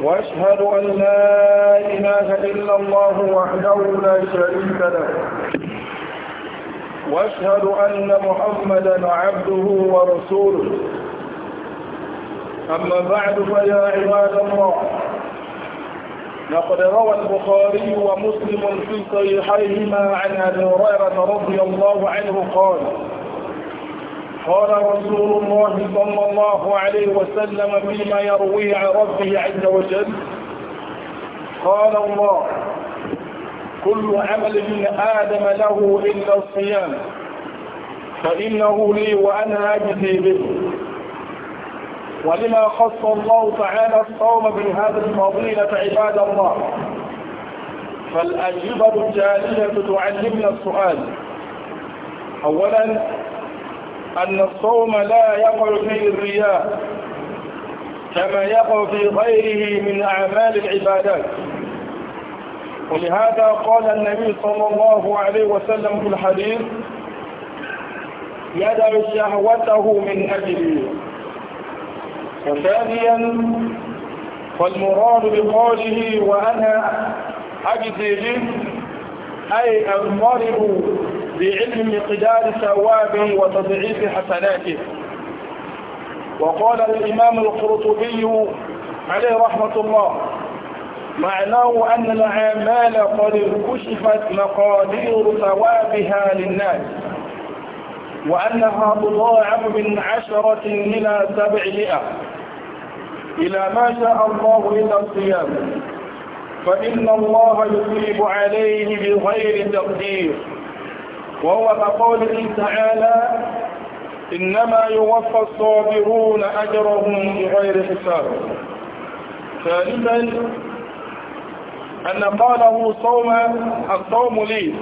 واشهد ان لا اله الا الله وحده لا شريك له واشهد ان محمدا عبده ورسوله اما بعد فيا عباد الله لقد روى البخاري ومسلم في صحيحيهما عن ابي هريره رضي الله عنه قال قال رسول الله صلى الله عليه وسلم فيما يرويه عن ربه عز وجل قال الله كل عمل من آدم له إلا الصيام فإنه لي وأنا أجزي به ولما خص الله تعالى الصوم بهذا الفضيلة عباد الله فالأجوبة الجالية تعلمنا السؤال أولا أن الصوم لا يقع فيه الرياء كما يقع في غيره من أعمال العبادات ولهذا قال النبي صلى الله عليه وسلم في الحديث يدع شهوته من أجله وثانيا فالمراد بقوله وأنا أجزي به أي أنضرب بعلم مقدار ثواب وتضعيف حسناته وقال الإمام القرطبي عليه رحمة الله معناه أن الأعمال قد كشفت مقادير ثوابها للناس وأنها تضاعف من عشرة إلى سبعمائة إلى ما شاء الله إلى الصيام فإن الله يصيب عليه بغير تقدير وهو كقوله تعالى إنما يوفى الصابرون أجرهم بغير حساب ثالثا أن قاله صوم الصوم لي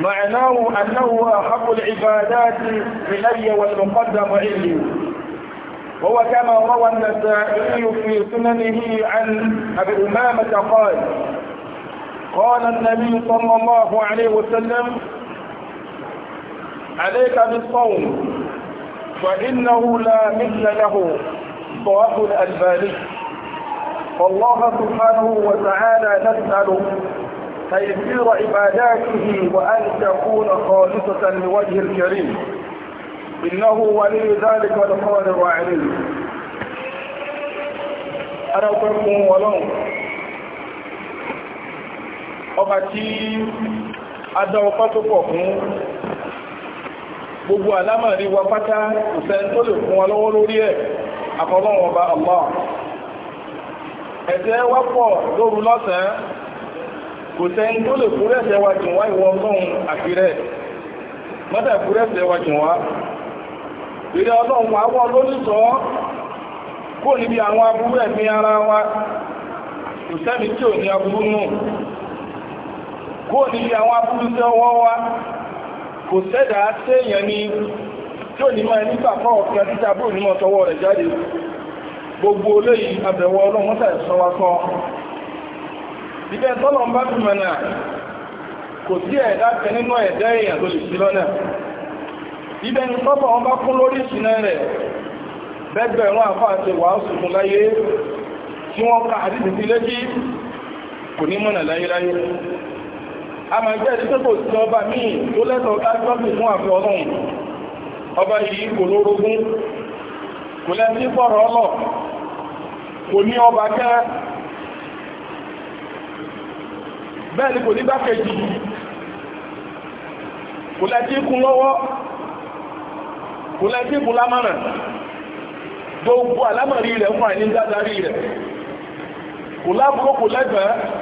معناه أنه أحب العبادات إلي والمقدم إلي وهو كما روى النسائي في سننه عن أبي أمامة قال قال النبي صلى الله عليه وسلم عليك بالصوم فإنه لا مثل له صواب الألباني فالله سبحانه وتعالى نسأل تيسير عباداته وأن تكون خالصة لوجه الكريم إنه ولي ذلك القادر عليه أنا أقول ولو ọba أدعو adá gbogbo ri wa pátá ìfẹ́ to le fun wa lọ́wọ́ lórí ẹ̀ àfọlọ́wọ́ ọba Allah ẹ̀ṣẹ̀ wa pọ̀ lóru lọ́sàn-án kò sẹ́ni tó lè kúrẹ́ ẹ̀ṣẹ̀ wa jùn wá ìwọ ọlọ́run àfirẹ́ mọ́tà kúrẹ́ wa jùn wá ìrẹ́ ọlọ́run wa wọ́n lónìtọ́ kó níbi àwọn ara wa kò sẹ́ni tí ò ní aburú nù kó níbi àwọn aburú wa kò sẹ́dà séèyàn ní tí ò ní máa nígbà fọ́ ọ̀kan títà bó ní mọ́ tọwọ́ rẹ̀ jáde gbogbo olóyìn abẹ̀wọ̀ ọlọ́run tàbí sọ́wọ́ sọ́ ibẹ̀ tọ́lọ̀ ń bá kò sí ẹ̀dá nínú ẹ̀dá èèyàn tó lọ́nà láyé tí wọ́n ká kò ní mọ̀nà láyé láyé a máa jẹ́ ẹ̀rí pẹ́kò sí ọba míì tó lẹ́tọ̀ọ́ kájọ́bì fún àfi ọlọ́run ọba yìí kò lórogún kò lẹ́sí fọ́rọ̀ ọlọ́ kò ní ọba kẹ́ bẹ́ẹ̀ ni kò ní gbákejì kò lẹ́sí kún lọ́wọ́ kò lẹ́sí kún lámọ̀ràn gbogbo àlámọ̀rí rẹ̀ fún àìní dáadáa rí rẹ̀ kò lábúkọ́ kò lẹ́gbẹ̀ẹ́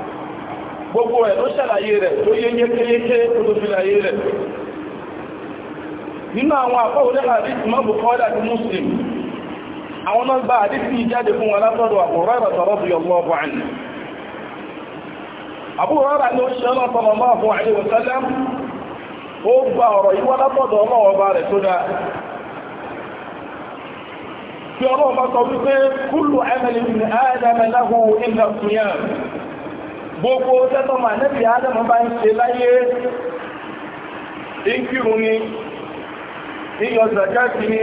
gbogbo ẹ̀ ló ṣàlàyé rẹ̀ tó yé yékéyéké olófinayé rẹ̀ nínú àwọn àpọ̀wọlé àdíkù mọ́ bukọ́lá àti muslim àwọn náà bá àdíkù ìjáde fún wọn látọ́dọ̀ àkùnrẹ́rẹ̀ Fi ọlọ́ọ̀bá sọ wípé, Kúlù ẹmẹ́lì ní Ádámẹ́láhù ìlàkùnyàn, gbogbo tẹ́tọ́mà nẹ́bí Ádámù bá ń ṣe láyé ìkírun ni ìyọ zakati ni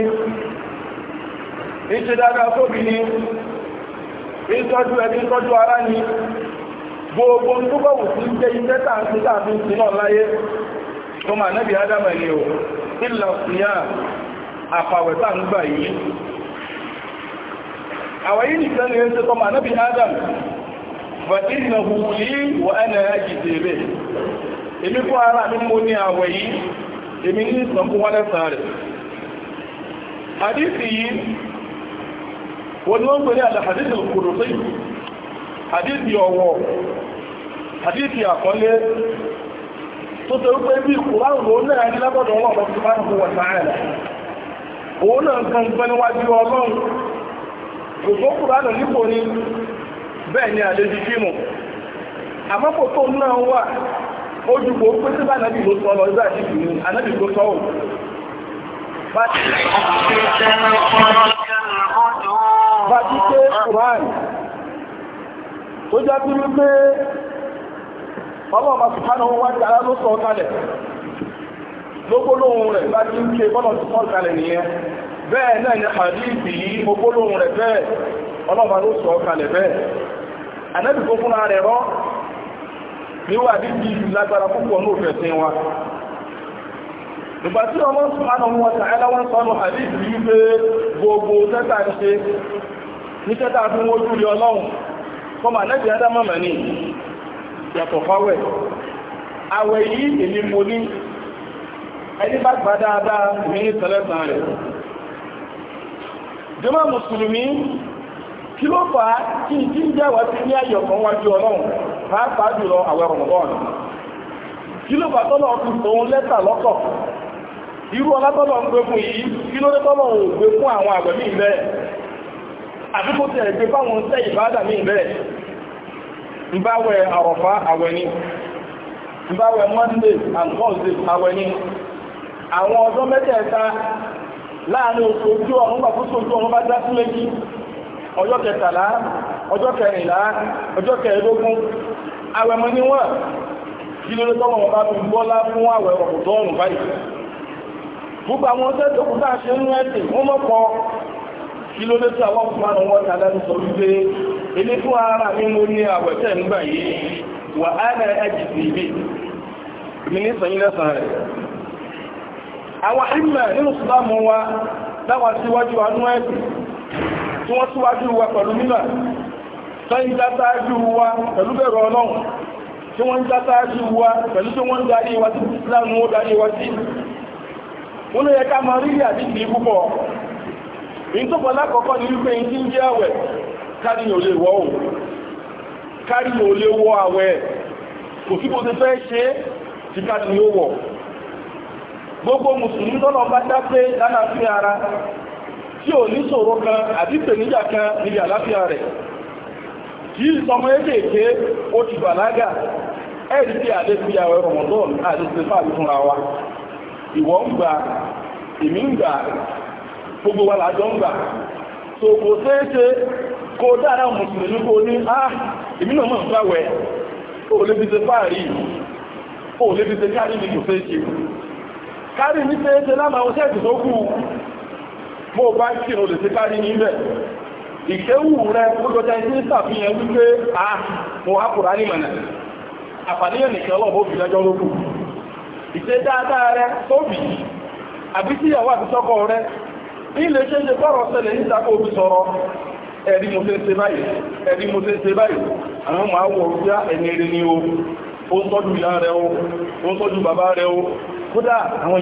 ìṣe dáadáa tóbi ni ìtọ́jú ẹbí tọ́jú ara ni gbogbo ń túbọ̀ wù sí jẹ́ iṣẹ́ tààtí tààtí sí náà láyé tọ́mà nẹ́bí Ádámù ni ò ìlà ìyá àpàwẹ̀tà ń gbà yìí àwọ̀ yìí nìkan ni ó fàtíìnàhù lí wà ánà àjìdè rẹ̀ èmi kó ara mi mú ní àwẹ̀ yìí èmi ní ìsànkú wọn lẹ́sàn rẹ̀ hadisi yìí wọ́n wọ́n pẹ̀lú àdá hadisi kùrùsí hadisi ọ̀wọ̀ hadisi àkọlé tó tẹ́ wípé bí kùránù ló náà ní lábọ́dọ̀ ọlọ́run tó bá ń kó wọ̀n sáàrẹ̀ òun náà kan gbẹ́niwájú ọlọ́run kò tó kùránù nípò ni bẹ́ẹ̀ ni àlejò fíìmù àmọ́pò tó náà wà ó dùgbò pé bá nàbì ló sọ lọ sí àdìsí ni ànábì sọ òun. bá ti pé Quran tó jábí wípé ọlọ́ọ̀bá ló sọ kalẹ̀ lógbólóhùn rẹ̀ bá ti ń ké bọ́lọ̀ tó sọ kalẹ̀ nìyẹn bẹ́ẹ̀ náà ni àdìsí yìí ogbólóhùn rẹ̀ bẹ́ẹ̀ ló sọ bẹ́ẹ̀ ànábì tó fúnra rẹ̀ rọ́ níwà dídí ìlú lágbára púpọ̀ ní òfẹ́ sí wa ìgbà tí ọmọ sùmánà wọn tààlà wọn sọnù àdìsí wípé gbogbo tẹ́tà ń ṣe ní tẹ́tà fún ojú rí ọlọ́run kọmọ ànábì adámọ̀mọ̀ ní yàtọ̀ fáwẹ̀ àwẹ̀ yìí èmi mo ní ẹni bá gbà dáadáa mi ní tẹ́lẹ̀sán rẹ̀ jọmọ́ mùsùlùmí kí ló fà á kí n kí n jẹ́wọ́ sí ní ayọ̀ kan wájú ọlọ́run pàápàá jùlọ àwẹ̀ rọ̀mọ̀bọ́ọ̀nù kí ló fà tọ́lọ̀ fi tòun lẹ́tà lọ́kọ̀ irú ọlá tọ́lọ̀ ń gbé fún yìí kí ló dé tọ́lọ̀ ò gbé fún àwọn àwẹ̀ míì bẹ́ẹ̀ àbí kó tiẹ̀ gbé fáwọn iṣẹ́ ìbádà míì bẹ́ẹ̀ ń bá wẹ̀ àrọ̀fá àwẹ̀ ni ń bá wẹ̀ Monday and Thursday àwẹ̀ ni àwọn ọjọ́ mẹ́tẹ̀ẹ̀ta láàrin oṣù ojú ọ̀run gbàgbóṣojú ọ̀run bá já sí méjì ọjọ́ kẹtàlá ọjọ́ kẹrìnlá ọjọ́ kẹẹ̀ẹ́dógún àwẹ̀mọ́ ní wọ́n kí ló tọ́mọ̀ wọn bá fi bọ́lá fún àwẹ̀ ọ̀pọ̀tọ́ọ̀rùn báyìí gbogbo àwọn ọjọ́ tó kù tá a ṣe ń rẹ́sìn wọ́n mọ́kọ kí ló lé tí àwọn ọkùnrin wọn tàbí ẹni sọ wípé ilé fún ara mi mo ní àwẹ̀ tẹ̀ nígbà yìí wà tí wọ́n síwájú wa pẹ̀lú mímọ̀ tán ń wa pẹ̀lú bẹ̀rọ ọlọ́run tí wọ́n ń dátáájú wa pẹ̀lú tí wọ́n darí wa sí Islam ó darí wa sí wọ́n yẹ ká máa rí àti ìdí púpọ̀ tó pọ̀ lákọ̀ọ́kọ́ ní wípé ń jẹ́ àwẹ̀ kárí ò lè wọ́ kárí ò lè àwẹ̀ kò sí fẹ́ ṣe ti kárí wọ̀ gbogbo mùsùlùmí ara tí ò ní ṣòro kan àti ìpèníjà kan níbi àlàáfíà rẹ̀ kì í sọmọ ékèèké ó ti bàlágà ẹ̀rí tí àdé fi àwẹ̀ rọmọdọ́ọ̀lù àti sinfà fúnra wa ìwọ ń gbà èmi ń gbà gbogbo wa làjọ ń gbà so kò ṣeéṣe kó dára mùsùlùmí kó ní á ah, èmi náà mọ̀ ń gbàwẹ̀ ó lè fi ṣe fáàrí ó lè fi ṣe kárí ní kò ṣeéṣe kárí ní ṣeéṣe lámàá oṣẹ́ mo bá kí o lè ti kárí ní ibẹ̀ ìkéwù rẹ púpọ̀jẹ́ tí ń sàfihàn wípé a mo á kùrá ní mọ̀nà àfàníyàn nìkan lọ́wọ́ fi lẹ́jọ́ lókù ìṣe dáadáa rẹ tóbi àbí tí ìyàwó àti sọ́kọ rẹ ní ilé ṣe ń ṣe kọ́rọ̀ ṣẹlẹ̀ níta kó fi sọ̀rọ̀ ẹ̀rí mo ṣe ṣe báyìí ẹ̀rí mo ṣe ṣe báyìí àwọn máa wọ̀ bí ẹni ni o ó ń tọ́jú ìyá rẹ o ó ń tọ́jú bàbá rẹ o kódà àwọn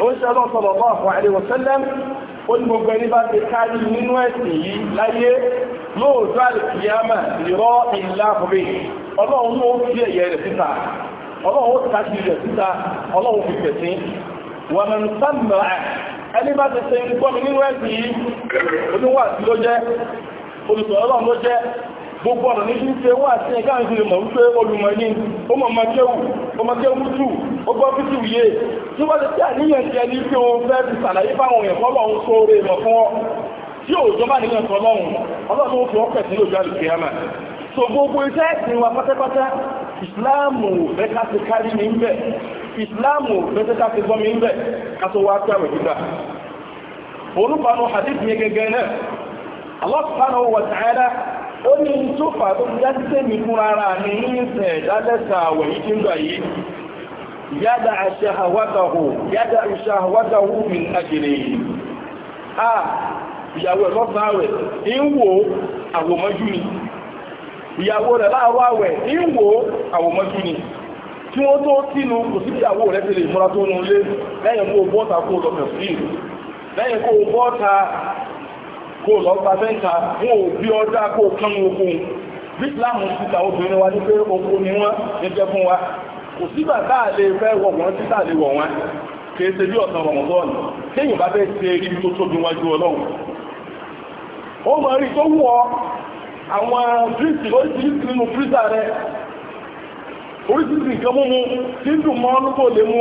ó ṣe ọlọ́sọ̀rọ̀ bá àwọn àríwọ̀ sẹ́lẹ̀m ó ní gbogbo ẹni bá ti kárí nínú ẹ̀sìn yìí láyé lóòótọ́ àlùkìyàmà ìrọ́ ìlà àbúrí ọlọ́run ó fi ẹ̀yẹ rẹ̀ síta ọlọ́run ó tàbí rẹ̀ síta ọlọ́run fi pẹ̀sí wọ́n mẹ́rin sáàmà ẹni bá gbogbo ọ̀nà níbi ṣe wà sí ẹ̀ká ń fi mọ̀ wípé olùmọ̀ ní ọmọkéwù ọmọkéwù tù ó tí wọ́n ti tí àníyàn jẹ́ ní pé òun fẹ́ ti sàlàyé fáwọn èèyàn rè mọ̀ fún tí so gbogbo iṣẹ́ wa pátápátá ìsìláàmù ti kárí mi ń bẹ̀ ìsìláàmù ti mi ń bẹ̀ onye ní tó fà tó fi dájú mi fún ara ní ìsẹ̀ ìdálẹ́sà àwẹ̀ yìí ń gbà yìí yádà àṣàhàwátàhù yádà àṣàhàwátàhù mi àjèrè yìí à ìyàwó ẹ̀ lọ́sàn àwẹ̀ ń àwòmọ́jú ni awa ni kó lọ bá fẹ́ǹkà wọn ò bí ọjá kó kán okun islam títà obìnrin wa ní pé oko ni wọ́n ní jẹ́ fún wa kò sígbà táà lè fẹ́ wọ̀ wọ́n títà lè wọ̀ wọ́n kìí ṣe bí ọ̀sán rọ̀mọ̀tọ́ọ̀nù téèyàn bá fẹ́ tó tóbi ọlọ́run ó mọ̀ rí tó wọ àwọn fíìsì oríṣiríṣi nínú fíìsà rẹ oríṣiríṣi nǹkan lè mú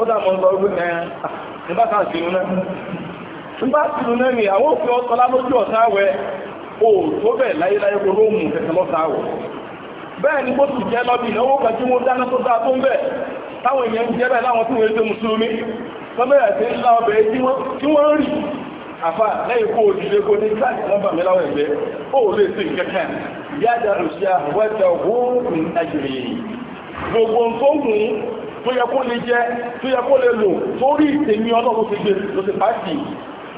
ó dà nígbà tí ló lẹ́rìn àwọn òfin ọ̀tọ́lá lójú ọ̀sáwẹ̀ ò tó bẹ̀ láyéláyé gbogbo mú kẹsẹ̀ lọ́sáwọ̀ bẹ́ẹ̀ ni bó ti jẹ́ lọ́bì ìnáwó kan tí wọ́n dáná tó dáa tó ń bẹ̀ táwọn èèyàn ń jẹ́ bẹ́ẹ̀ láwọn tí wọ́n ṣe mùsùlùmí lọ́bẹ̀rẹ̀ sí ńlá ọbẹ̀ tí wọ́n rí àfà lẹ́yìn kó òdìdé kó ní káàkiri wọ́n bà mí láwọn ẹ̀gbẹ́ ó lè sí ìkẹ́kẹ́ yájá rùsíà wẹ́ta hóòrùn ajìrì gbogbo tó mú tó yẹ kó lè jẹ tó yẹ kó lè lò tó rí ìtẹ̀mí ọlọ́run ti gbé lọ sí pàtì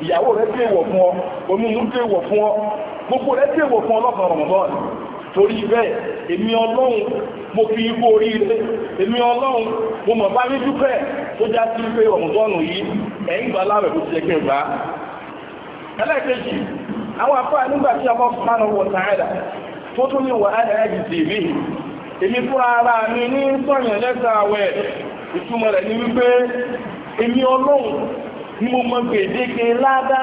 ìyàwó rẹ̀ tí èwọ̀ fún ọ omi inú tí èwọ̀ fún ọ gbogbo rẹ̀ tí èwọ̀ fún ọlọ́kan rọ̀mọ̀bọ́n torí bẹ́ẹ̀ èmi ọlọ́run mo fi igbó oríire èmi ọlọ́run mo mọ̀ bá rí dúpẹ́ tó já sí pé rọ̀mọ̀bọ́n yìí ẹ̀yìn gbà láwẹ̀ bó ti jẹ́ kí n gbà á ẹlẹ́ẹ̀kejì àwọn afáà nígbà tí a bọ́ sánà wọ̀ tààdà tó tún ní wà ẹ́ẹ̀ẹ́jì tèbí èmi fúnra ara mi ní sọ̀yàn lẹ́sà àwẹ̀ ìtumọ̀ rẹ̀ ní wípé èmi ọlọ́run ni mo mọ gbèdéke ládá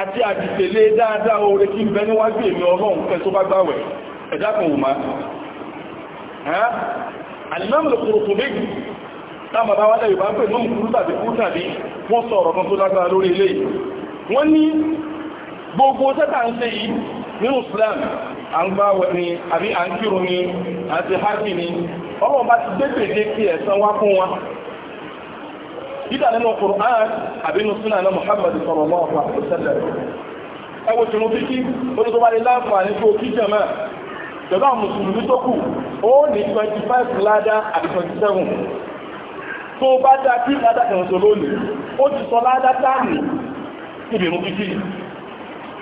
àti àdìsèlé dáadáa oore kí n bẹ níwájú èmi ọlọ́run fẹ́ tó bá gbàwẹ̀ ẹ̀dá kan wò má alimami lòkòròkò méjì táwọn bàbá wálẹ̀ yorùbá ń pè mọ́mù kúrú tàbí kúrú tàbí wọ́n sọ ọ̀rọ̀ kan tó lágbára lórí ilé wọ́n ní gbogbo sẹ́ta ń ṣe yìí nínú Islam à ń gbáwẹ̀ ni àbí à ń kírun ni àti hajj ni ọlọ́run bá ti gbé gbèdéke ẹ̀san wá fún wa dídà nínú Qur'an àbínú súnà náà Muhammad sallallahu alaihi wasallam ẹwọ tí wọ́n fíkí onígbọ́bálẹ̀ láǹfààní tó kí jẹ́mà jọba mùsùlùmí tó kù ó ní 25 ládá àti 27 tó bá dá kí ládá kan tó lónìí ó ti sọ ládá táàmì ìbìrún fíkí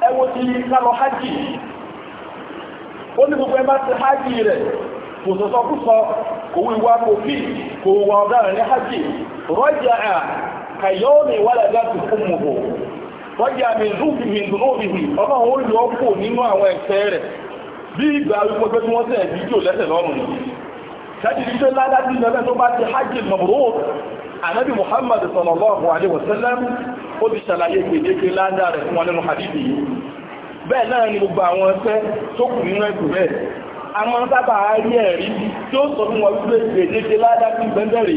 ẹwọ tí kálọ hajj ó ní gbogbo ẹbá ti hajj rẹ̀ kò sọ sọ kò wíwá kò fi kò wà ọ̀daràn ní hajj رجع كيوم ولدته أمه رجع من ذنب من ذنوبه ọmọ òun lọ kò nínú àwọn ẹ̀ṣẹ̀ rẹ̀ bí ìgbà wípé pé ládájú tó bá ti hajj muhammad sallallahu alaihi wasallam ó ti ṣàlàyé gbèdéke ládá fún wọn nínú hadithi yìí náà ni gbogbo àwọn tó kù nínú a máa ń sábà rí tí ó sọ fún wọn wípé gbèdéke ládá sí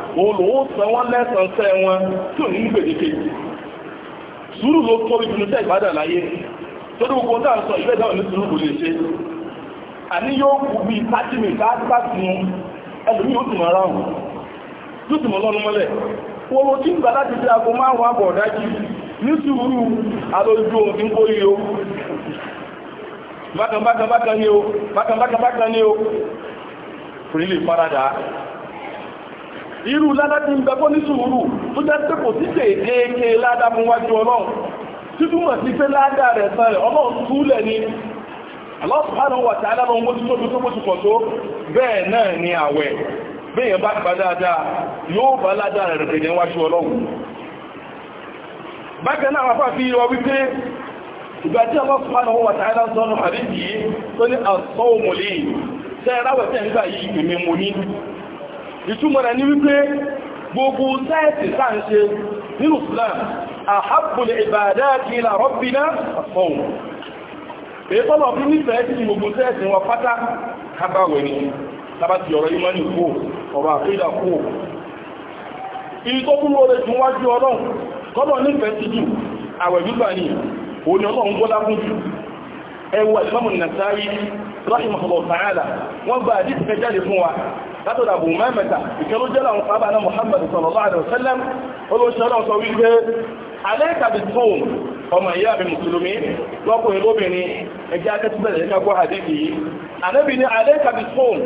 olùwòsàn wọn lẹ́sàn sẹ́ wọn tí ò ní gbèdéke sùúrù ló tóbi sọ ìfẹ́ ìdáwọn ní sùúrù kò lè ṣe àní yóò kú bí tájìmì káàkà sí ẹlùmí ó tùmọ̀ ara hùn tó tùmọ̀ lọ́nu mọ́lẹ̀ owó tí ń gbà láti fi aago márùn-ún àbọ̀ dájú ní sùúrù ohun tí ń kó irú ládádí ń bẹ kó ní sùúrù tó jẹ́ pé kò sí kéèké ládá mú wájú ọlọ́run títúmọ̀ sí pé ládá rẹ̀ san rẹ̀ ọlọ́run túlẹ̀ ni Allah subhanahu wa ta'ala bó ti tóbi tó bó ti pọ̀ tó bẹ́ẹ̀ náà ni àwẹ̀ bẹ́ẹ̀ bá gbà dáadáa yóò bá ládá rẹ̀ rẹ̀ níwájú ọlọ́run bákan náà wàfà fi yọ wípé ìgbà tí Allah subhanahu wa ta'ala sọ́nù àríjì tó yìí ìmìmù ní ìtumọ̀ rẹ̀ ní wípé gbogbo sáyẹ̀sì sáàṣe nínú islam àhábùlẹ̀ ìbàdá kí ilà rọ́bìnà àfọ́hùn èyí tọ́lọ̀ fún nífẹ̀ẹ́ sí gbogbo sáyẹ̀sì wọn pátá kábàwẹ̀ ni lábàtí ọ̀rọ̀ imani kó ọ̀rọ̀ àfíìdà kó ìyí látọ̀dà Abu Umaymah ìkẹlú jẹ́ àwọn sábà náà Muhammad sallallahu alaihi wasallam olóṣèlú náà sọ wípé alayka bis-sawm ọmọ ìyá mi mùsùlùmí lọ́kùnrin lóbìnrin ẹjẹ́ akẹ́tùbẹ̀rẹ̀ ní ọgbọ́ àdébì yìí ànábì ní alayka bis-sawm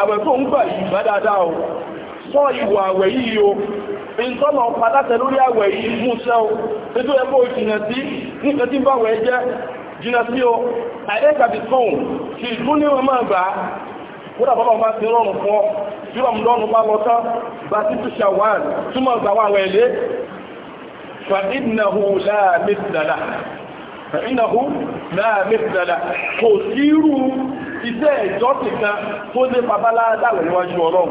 àwẹ̀ tó ń gbà yìí bá dáadáa o sọ ìwà àwẹ̀ yìí o ìtọ́nà pàtàkì lórí àwẹ̀ yìí mú sẹ́ o títú ẹgbẹ́ òjìnà sí nǹkan tí ń bá wẹ̀ jẹ́ jìnà sí o alayka bis-sawm kì í tún ní wọn máa gbà á kódà bọ́lá máa ti rọrùn fún ọ tí rọmọdọ́nù bá lọ tán bá títí ṣàwọn túmọ̀ gbà wà wẹ̀lé fàínàhù láàmìtìdàlá fàínàhù láàmìtìdàlá kò sírú iṣẹ́ ìjọsìn kan tó lé babalá dáwẹ̀ níwájú ọlọ́run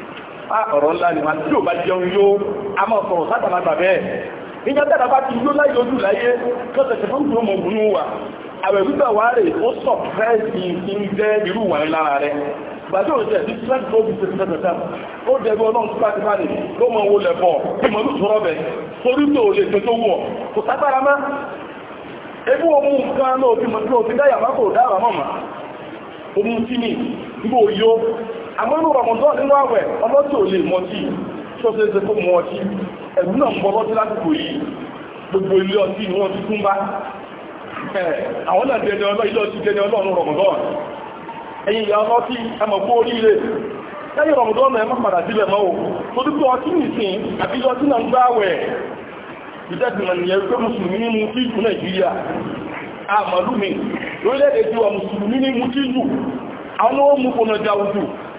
a ọ̀rọ̀ ńlá ni tí bá jẹun a máa sọ̀rọ̀ sátàmátà bẹ́ẹ̀ nígbà tẹ́lá bá ti yó láyé ojú láyé kọ́sẹ̀sẹ̀ fún ìgbìmọ̀ ọmọbìnrin wà àwẹ̀ gbígbà wà rẹ̀ ó sọ fẹ́ẹ̀sì ń jẹ́ irú wà rẹ̀ ti ó dẹ̀gbẹ́ ọlọ́run tó bá ní ló mọ owó bẹ̀ torí tó lè tó tó wọ̀ kò ebú nǹkan náà mọ̀ tí ó ti dáyà kò tí àmọ́ inú rọ̀mọ̀dọ́ nínú àwẹ̀ ọlọ́tí ò lè mọtí tó ṣe ṣe kó mọ ọtí ẹ̀rù náà ń bọ́ lọ́tí lásìkò yìí gbogbo ilé ọtí ni wọ́n ti tún bá àwọn náà jẹ́ ọlọ́ ilé ọtí jẹ́ ọlọ́run rọ̀mọ̀dọ́ ẹ̀yìn ìyá ọlọ́tí ẹmọ̀ kó oríire lẹ́yìn rọ̀mọ̀dọ́ náà ẹmọ́ padà sílẹ̀ mọ́ o tó dúpọ̀ ọtí nìsín àbí ọtí náà ń gbá àwẹ̀ ìtẹ́sìmọ̀ nìyẹn pé mùsùlùmí mú sí ìlú nàìjíríà àmàlú mi lórílẹ̀-èdè tí wà mùsùlùmí mú sí ìlú àwọn owó mú kò náà jáwùjú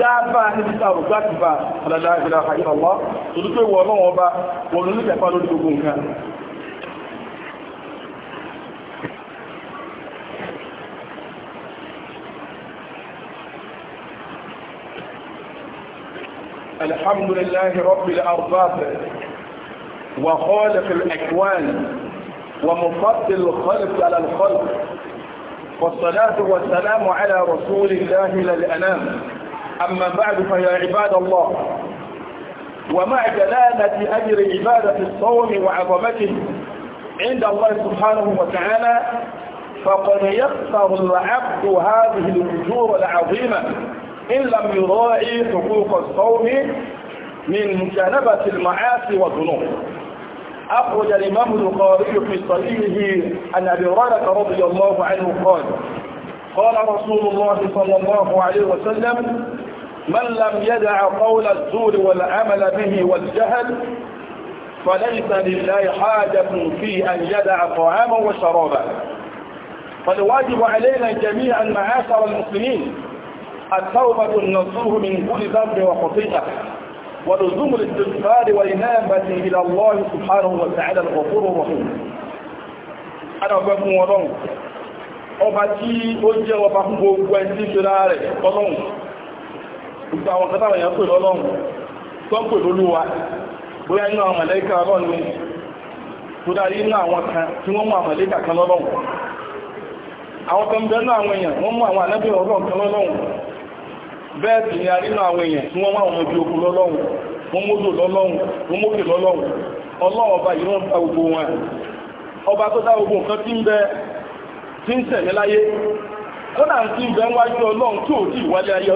tó wọ ọlọ́wọ́n bá wọn lórí gbogbo nǹkan الحمد لله رب الأرباب وخالق الأكوان ومفضل الخلق على الخلق والصلاة والسلام على رسول الله للأنام أما بعد فيا عباد الله ومع جلالة أجر عبادة الصوم وعظمته عند الله سبحانه وتعالى فقد يخسر العبد هذه الأجور العظيمة إن لم يراعي حقوق الصوم من مجانبة المعاصي والذنوب أخرج الإمام البخاري في صحيحه عن أبي هريرة رضي الله عنه قال قال رسول الله صلى الله عليه وسلم من لم يدع قول الزور والعمل به والجهل فليس لله حاجة في أن يدع طعاما وشرابا فالواجب علينا جميعا معاشر المسلمين التوبة النصوح من كل ذنب وخطيئة ولزوم الاستغفار والإنابة إلى الله سبحانه وتعالى الغفور الرحيم أنا أبقى ورون أبقى أجي أبقى أبقى أبقى أبقى gbogbo àwọn kátàwọn èèyàn pè lọ́lọ́run tó ń pè lólúwa bóyá inú àwọn mọ̀lẹ́kà ọlọ́run ni tó dárí inú àwọn kan tí wọ́n mú àwọn kan lọ́lọ́run àwọn kan bẹ́ẹ̀ náà àwọn èèyàn wọ́n mú àwọn ọlọ́run kan lọ́lọ́run bẹ́ẹ̀ sì ni a nínú àwọn èèyàn tí wọ́n mú àwọn ọmọdé lọ́lọ́run wọ́n lọ́lọ́run wọ́n lọ́lọ́run ọlọ́run ọba yìí wọ́n ta gbogbo ọba tó dá gbogbo nǹkan tí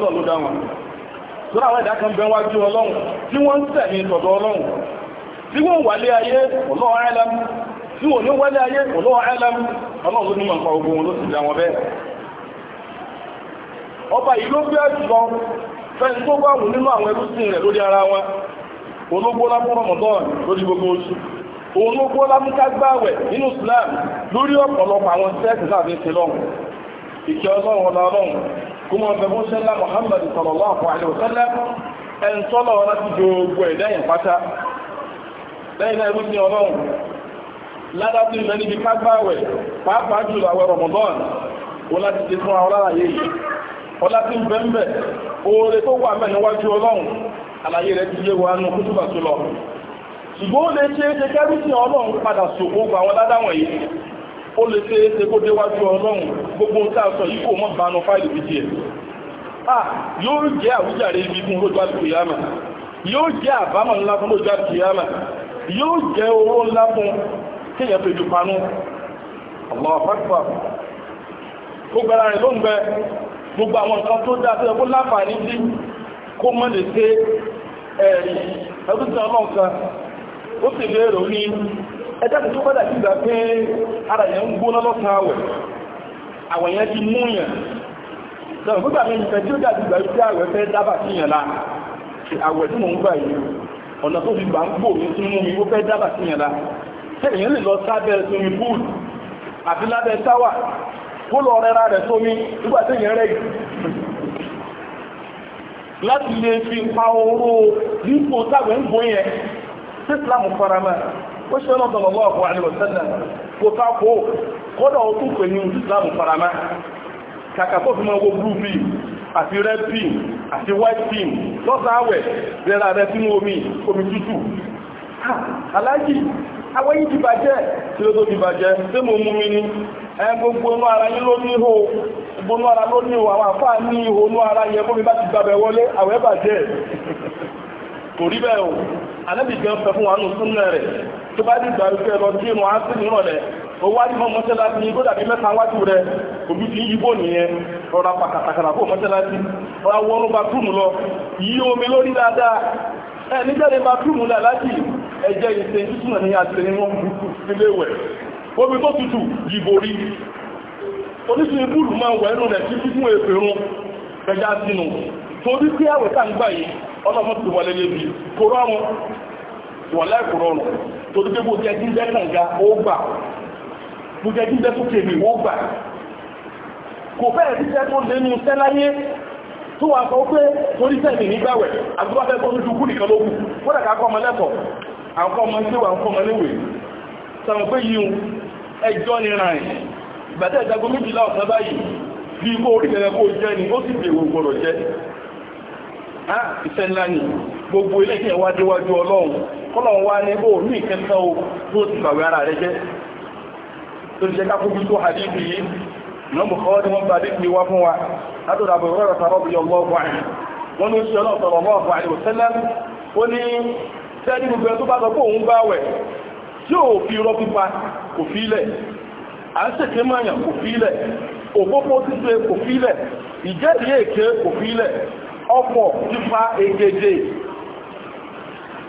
tóra àwọn ẹ̀dá kan bẹ wájú ọlọ́run tí wọ́n ń tẹ̀mí tọ̀dọ̀ ọlọ́run tí wọ́n wálé ayé ọlọ́run ẹlẹ́m tí wọ́n ní wálé ayé ọlọ́run ẹlẹ́m ọlọ́run ló ní mọ̀ ogun wọn ló sì dá wọn bẹ́ẹ̀ ọba yìí ló bẹ́ẹ̀ jùlọ fẹ́ni tó bá wù nínú àwọn ẹrúsìn rẹ̀ lórí ara wọn ológbó lápọ̀ rọmọdán lórí gbogbo oṣù òun ló gbọ́ lámúkágbáwẹ̀ nínú Islam lórí ọ̀pọ̀lọpọ̀ àwọn sẹ́ẹ̀sì láti ṣe lọ́run ìkẹ́ ọlọ́run ọlọ́run kó mọ́ bẹ̀rún sẹ́lá Muhammad sallallahu alaihi wasallam ẹn tọ́lọ̀ ọ̀rọ̀ ti gbogbo ẹ̀dẹ́yìn pátá lẹ́yìn náà ìrúsìn ọlọ́run ládàtí ilẹ̀ níbi kágbàwẹ̀ pàápàá jùlọ àwẹ̀ Ramadan ó láti ti fún àwọn aláyé yìí ọlá tí ń bẹ́m̀bẹ̀ oore tó wà mẹ́ ó lè ṣe é ṣe kó déwájú ọlọ́run gbogbo ohun tá a sọ yìí kò mọ́ bánú fáìlì méjì ẹ̀ ah yóò jẹ́ àwújàre ibi fún lójú àtìkìyàmà yóò jẹ́ àbámọ̀ ńlá fún lójú àtìkìyàmà yóò jẹ́ owó ńlá fún kíyàn tó jù panú ọ̀pọ̀lọpọ̀ gbogbo ara rẹ̀ ló ń bẹ gbogbo àwọn nǹkan tó dá tó ẹkún láǹfààní sí kó mọ́ lè ṣe ẹjá tó bá dàbí ìgbà pé ara yẹn ń gbóná lọ́sàn àwẹ̀ àwẹ̀ yẹn ti mú yàn lọ́nà fún gbàmí ìfẹ́ tí ó dàbí ìgbà pé àwẹ̀ fẹ́ dábà sí yàn láà àwẹ̀ tí mò ń gbà yìí ọ̀nà tó fi gbà ń gbò mí tún mú mi ó fẹ́ dábà sí yàn láà tẹ́lẹ̀ lè lọ sábẹ́ sómi pool láti lè fi pa oró nípò táwẹ̀ ń gbó yẹn tí Islam faramẹ́ ó ṣe ọ̀nà tọ̀lọ̀ lọ́ọ̀kọ́ àlẹ́wọ̀sẹ́lẹ̀ kò tako kọ́dọ̀ ó tún pè ní islam farama kàkà tó fi mọ́ owó blue pin àti red pin àti white pin lọ́sàáwẹ̀ rẹ̀ra rẹ̀ sínú omi omi tútù aláàjì awẹ́yìn ti bàjẹ́ tí ó tó ti bàjẹ́ tí mo mú mi ní ẹ gbogbo bẹ́ẹ̀ o alẹ́bìgbẹ́ fẹ́ fún wa nù súnmọ́ rẹ̀ tó bá ní ìgbà ìfẹ́ lọ a ìmọ̀ áńsì nírọ̀lẹ́ ó wá ní mọ́mọ́sálásí ní gbọ́dà bí mẹ́ta wájú rẹ̀ òbí ti yíbò nìyẹn rọra pàkàtàkàrà kó mọ́sálásí rọra wọnú batúmù lọ yí omi lórí dáadáa ẹ níjáde batúmù náà láti ẹjẹ́ ìṣe ìṣúná ní àti wọ́n sílé wẹ̀ omi tó tutù yìbò rí máa wẹ̀ nù rẹ̀ ẹja sínú torí pé àwẹ̀ tá ń gbà yìí ọlọ́mọ torí pé mo jẹ jíjẹ kànga ó gbà mo jẹ jíjẹ tó kèmí ó gbà kò fẹ́ẹ̀ jíjẹ tó lé ní iṣẹ́ láyé tó wà sọ pé torí sẹ́ẹ̀mì nígbàwẹ̀ àgbàfẹ́ tó lójú kú nìkan lókù wọ́n dàkà kọ́ ọmọ lẹ́kọ̀ọ́ àwọn ọmọ tí wà ń kọ́ ọmọ léwè sọ̀rọ̀ pé yíò ẹjọ́ ni ràn ìgbàtẹ́ ìjagun méjìlá ọ̀sán báyìí bí ikú orí gẹ̀rẹ́ kó jẹ́ ni ó sì bèèrè gbọ́dọ̀ ńlá ni gbogbo ilé ìwádìíwájú ọlọ́run kọ́lọ̀ wá ní bó ní ìkẹta o tó ti bàwé ara rẹ jẹ́ tó ti jẹ́ ká kúkú tó hadithi yìí náà bù kọ́wọ́ ni wọ́n bá dìkì wá fún wa látò dàbò rọrọ̀ sàrọ̀ bí ọgbọ́ ọgbọ́ àyè wọ́n ní oṣù ọlọ́ọ̀ sọ̀rọ̀ ọgbọ́ àyè òtẹ́lẹ̀ ó ní sẹ́ni gbogbo ẹ̀ tó bá sọ pé òun bá wẹ̀ tí ò fi rọ pípa kò fi ilẹ̀ à ń ṣèké mọ̀yàn kò fi ilẹ̀ òpópó títẹ kò fi ilẹ̀ ìjẹ́rìí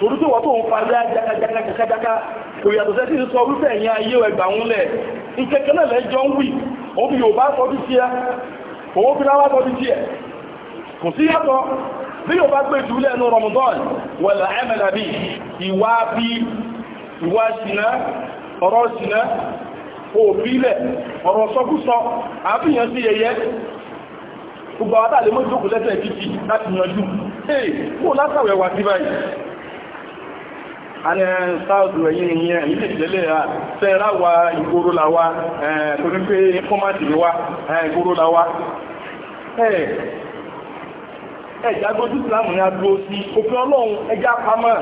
torí pé wọ́n tó ń parí ajákajákajákajáká kò yàtọ̀ sẹ́sí sọ wípé ẹ̀yìn ayé ẹgbà ń lẹ̀ ìkẹ́kẹ́ náà lẹ́jọ́ ń wì òun fi Yorùbá sọ bí tiẹ̀ òun fi láwá sọ bí tiẹ̀ kò sí yàtọ̀ bí Yorùbá gbé jù lẹ́nu Ramadan wẹ̀lẹ̀ ẹ̀mẹ̀lẹ̀bí ìwà bí ìwà ṣìnà ọ̀rọ̀ ṣìnà òbílẹ̀ ọ̀rọ̀ sọkúsọ àfihàn sí ẹyẹ gbogbo àwọn àtàlẹ́mọ́ ìjókòó lẹ́sẹ̀ títì láti yanjú èè kó látàwẹ̀wà sí báyìí àní south ẹ̀yìn ìyẹn èyí lè jẹ́lẹ̀ à fẹ́ra pé fọ́mátì ni wa ìgboro la wa ẹ̀já gbójú ìsìlámù ni a dúró sí òfin ọlọ́run ẹjá pamọ́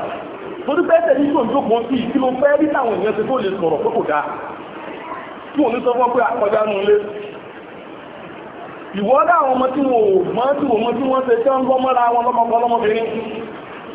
torí bẹ́ẹ̀ tẹ̀lé tó ń jókòó sí kí ló fẹ́ rí táwọn èèyàn ṣe tó lè sọ̀rọ̀ pé kò dáa tí òun ní sọ fún pé àkọjá nù lé ìwọ́dá àwọn ọmọ tí wọn ò mọ́ tí wọn tí wọ́n ṣe tẹ́ wọn lọ́mọkọ́ lọ́mọbìnrin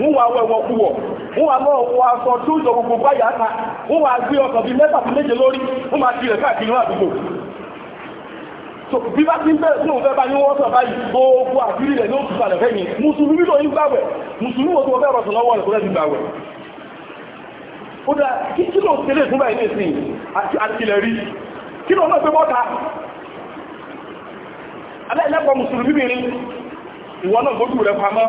wọ́n wá wẹ̀wọ̀ kúwọ̀ wọ́n wá mọ́ ọkọ̀ aṣọ tó jọ gbogbo báyà ta wọ́n wá gbé ọkọ̀ bíi mẹ́fà sí méje lórí wọ́n máa ti rẹ̀ káàkiri wọn àdúgbò bí bá ti ń bẹ̀rẹ̀ sínú fẹ́ bá ní wọ́n sọ báyìí gbogbo àbírí rẹ̀ ní oṣù sàlẹ̀ fẹ́yìn mùsùlùmí ló ń gbàwẹ̀ mùsùlùmí wo tó fẹ́ rọ̀sùn lọ́wọ́ rẹ̀ kó lẹ́sìn gbàwẹ̀ ó dá kí kí ló tẹ́lẹ̀ fún báyìí nìsín àtìlẹ̀ rí kí ló lọ́gbẹ́ bọ́ta alẹ́lẹ́pọ̀ mùsùlùmí mi rí ìwọ náà gbójú rẹ̀ pamọ́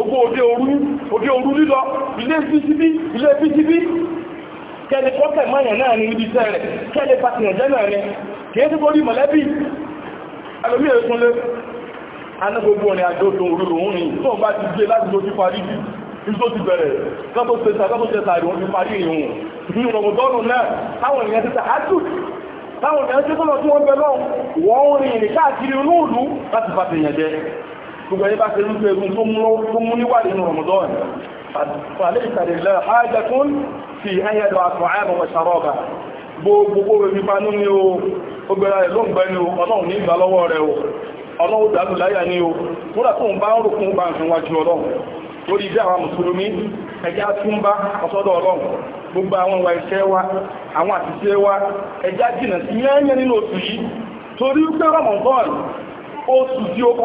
gbogbo òde òru òde òru lílọ ilé bíṣíbí ilé bíṣíbí kẹ́lẹ̀ kọ́kẹ̀ mọ́yàn náà ní ibi iṣẹ́ rẹ̀ kẹ́lẹ̀ pàtìyànjẹ́ náà rẹ̀ kìí tí bórí mọ̀lẹ́bí alómi ẹ̀kúnlé anágbogbo ọ̀rìn àjò tó orúrò òun ni tó bá ti gbé láti lójú parí ìjó ti bẹ̀rẹ̀ lọ́tọ̀ tẹta lọ́tọ̀ tẹta ìwọ̀n ti parí ìhun ní rọ̀mọ̀dọ́nù náà táwọn èèyàn ti tàájú táwọn èèyàn ti tọ́lọ tí wọ́n bẹ lọ́wọ́ wọ́n rìn ìrìn káàkiri inú ìlú láti fàtìyànjẹ́ gbogbo ẹni bá ṣe ń pẹ̀lú tó mú níwà nínú Ramadan fàlẹ́ ìtàdìlẹ̀ hajjatun fi ayẹ́dọ̀ àtọ̀ayẹ́bọ̀ wọ̀ṣàrọ̀bà gbogbo omi panú ni o ogbèrè rẹ̀ ló ń gbẹ́ ni o ọlọ́run ní ìgbà lọ́wọ́ rẹ̀ o ọlọ́run ni o múra tó ń bá ń rùkún bá ń fi wájú wa àwọn àtìṣe wa ẹjá jìnà sí yẹ́yẹ́ nínú oṣù yìí torí pé Ramadan oṣù tí ó kọ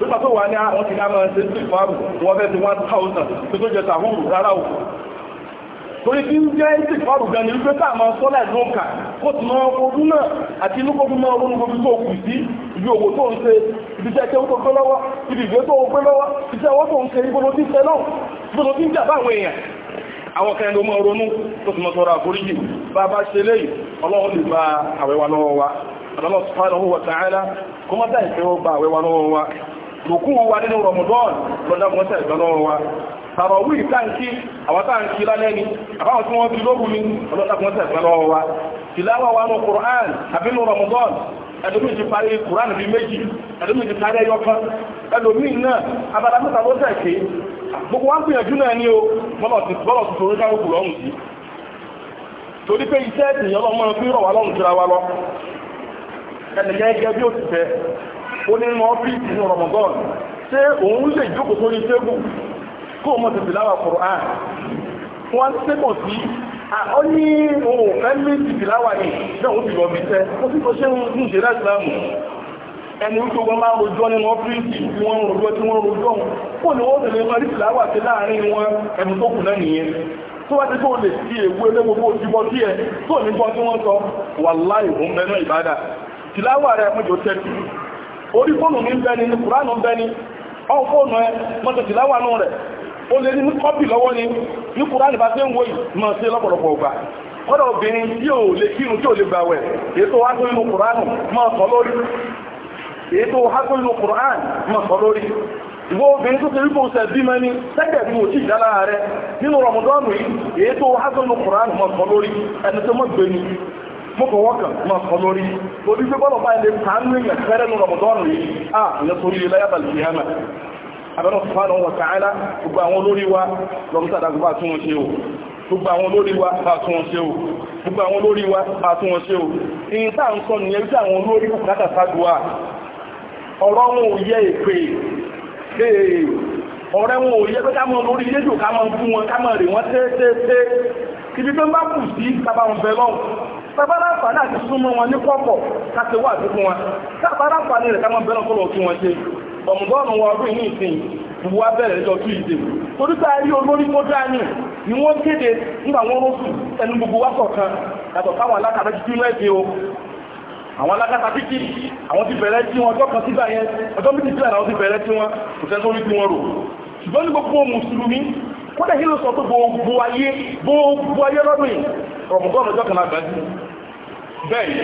nígbà tó wà ní àwọn ti dámọ́ ṣe sí ìfàbù wọ́n fẹ́ ti 1000 tó tó jẹ tàhúrù rárá òkú torí bí ń jẹ́ ìsì ìfàbù gan ni wípé táàmà sọ́lá ìlú ọkà kó ti náà ọdún náà àti inú kókún náà ọdún gbogbo tó kù sí ibi òwò tó ń ṣe ibi iṣẹ́ tó gbé lọ́wọ́ ibi ìgbé tó gbé lọ́wọ́ iṣẹ́ ọwọ́ tó ń ṣe ibo ló ti ṣe náà ibo ló ti ń jà bá àwọn èèyàn àwọn kan ló mọ́ ronú tó ti mọ́ sọ́rọ̀ àforíjì bá bá ṣe lẹ́yìn ọlọ́run lè gba àwẹ́wà lọ́wọ́ wa Allah subhanahu wa ta'ala kó mọ́ dá ìfẹ́ ó gba àwẹ́wà lọ́wọ́ wa rùkú wa nínú Ramadan lọ́dọ́gbọ́sẹ̀ ìgbọ́lọ́wọ́ wa tàràwí ìtàǹkí àwátàǹkí lálẹ́ni àbáwọn tí wọ́n fi lóru ní ọlọ́dọ́gbọ́sẹ̀ ìgbọ́lọ́wọ́ wa tìláwà wa nù Qur'an àbínú Ramadan ẹlòmí ti parí kùránì bí méjì ẹlòmí ti parí ẹyọ kan ẹlòmí náà abala mẹ́ta ló tẹ̀sí gbogbo wá ń gbìyànjú náà ní o bọ́lọ̀ ti tòrò dáwò kù lọ́rùn sí torí pé iṣẹ́ ìyọ́lọ́mọ́ fi rọ̀ wá lọ́rùn síra wa lọ ẹnìyàn gẹ́gẹ́ bí ó ti fẹ́ ó ní mọ́ ọ́fíìsì ní Ramadan ṣé òun lè jókòó tó ní tébù kó mọ́ tètè láwà Qur'an wọ́n tẹ́kọ̀ sí ó ní ohun fẹ́ ní tètè láwà ní náà ó ti lọ bí tẹ́ ó sì tó ṣe ń ṣe láti láàmù ẹni wípé wọ́n máa rojọ́ nínú ọ́fíìsì tí wọ́n rojọ́ tí wọ́n rojọ́ kó ni wọ́n tẹ̀lé wọn tètè láwà sí láàrin wọn ẹni wá ti tó lè sí èwú elégbogbo òjúbọ sí ẹ tó ní tí wọ́n sọ wàláì òun bẹnu ìbádà tìláwà rẹ̀ mọ́jọ tẹ́tù orí fóònù mi ń bẹ ni kùránù ń bẹ ni ọ̀n fóònù ẹ mọ́tòtì láwàánú rẹ̀ lè ní kọ́pì lọ́wọ́ ni ní kùránù bá ṣe ń wòyí mọ̀ sí lọ́pọ̀lọpọ̀ ọgbà kọ́dọ̀ obìnrin tí ò lè kírun tí ò lè gbàwẹ̀ ètò kùránù sọ lórí obìnrin mọ́kànwọ́kàn ma sọ lórí torí pé bọ́lọ̀ bá ilé kàánú èèyàn fẹ́rẹ́ nù rọ̀mọ̀dọ́nù yìí ah, à ìyẹn torí ilé yàtàlì ìhàmà abẹ́rẹ́ fàánà wọn kàáyá gbogbo àwọn olórí wa lọ́mùsàdá gbogbo àtúnṣe o gbogbo àwọn olórí wa àtúnṣe o gbogbo àwọn olórí wa àtúnṣe o ìyìn tá à ń sọ nìyẹn tí àwọn olórí kù kátà sáduwa ọ̀rọ̀ wọn ò yẹ èpè ọ̀rẹ́ wọn ò yẹ pé ká mọ lórí rédíò ibi tó ń bá kù sí ká bá lọ́wọ́ tàbáràfà náà ti súnmọ́ wọn ní kọ́kọ̀ káti wà sí fún wọn tàbáràfà ní rẹ̀ ká máa bẹ̀rẹ̀ fọ́lọ̀ fún wọn ṣe ọmọdọ́rùn wọn ọdún ní ìsìn ìwà bẹ̀rẹ̀ lọ sí ìdè torí tá a rí olórí tó dá ní ni wọ́n kéde nígbà wọn rọ́ọ̀sù ẹnu gbogbo wá kọ̀ọ̀kan yàtọ̀ káwọn alákàtà ti tún ẹ̀dẹ́ o àwọn alákàtà ti ti àwọn ti bẹ̀rẹ̀ tí wọn ọjọ́ kan sígbà yẹn ọjọ́ méjì sílẹ̀ àwọn ti bẹ̀rẹ̀ tí wọn kò sẹ́ sórí tí wọn rò ṣùgbọ́n ní gbogbo mùsùlùmí kódà yìí ló sọ pé gbogbo ayé gbogbo ayé lọ́dún yìí rọ̀mùgọ́rùn ọjọ́ kan àgbà sí bẹ́ẹ̀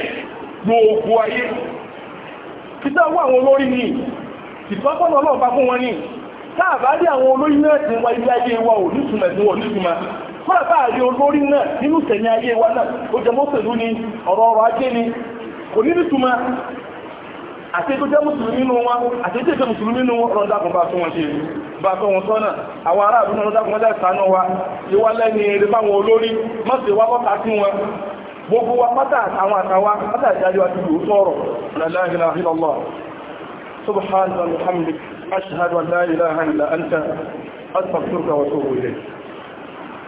gbogbo ayé títà wọ́n àwọn olórí ní ìfọ́pọ́nà ọlọ́run bá fún wọn ní táàbá dé àwọn olórí náà ti wá ilé ayé wa ò nítumẹ̀ tí wọ́n nítumẹ̀ fún àbáàrí olórí náà nínú tẹ̀yìn ayé wa náà ó jẹ mọ́sẹ̀lú ni ọ̀rọ̀ ọrọ̀ ajé ni kò ní nítumẹ̀ àti tó jẹ́ mùsùlùmí nínú wọn àti tó jẹ́ mùsùlùmí nínú wọn ọ̀rọ̀ dákùn bá tó wọn ṣe bá tó wọn sọ́nà àwọn aráàlú náà dákùn mọ́já ìsànú wa ìwálẹ́ni rẹ̀ báwọn olórí mọ́sẹ̀ wá bọ́ta sí wọn gbogbo wa pátá àwọn àtàwà pátá ìdájọ́ àti ìlú tọ́rọ̀ aláìláhìlọ́lọ́ subhanahu wa ta'ala ashhadu an la ilaha illa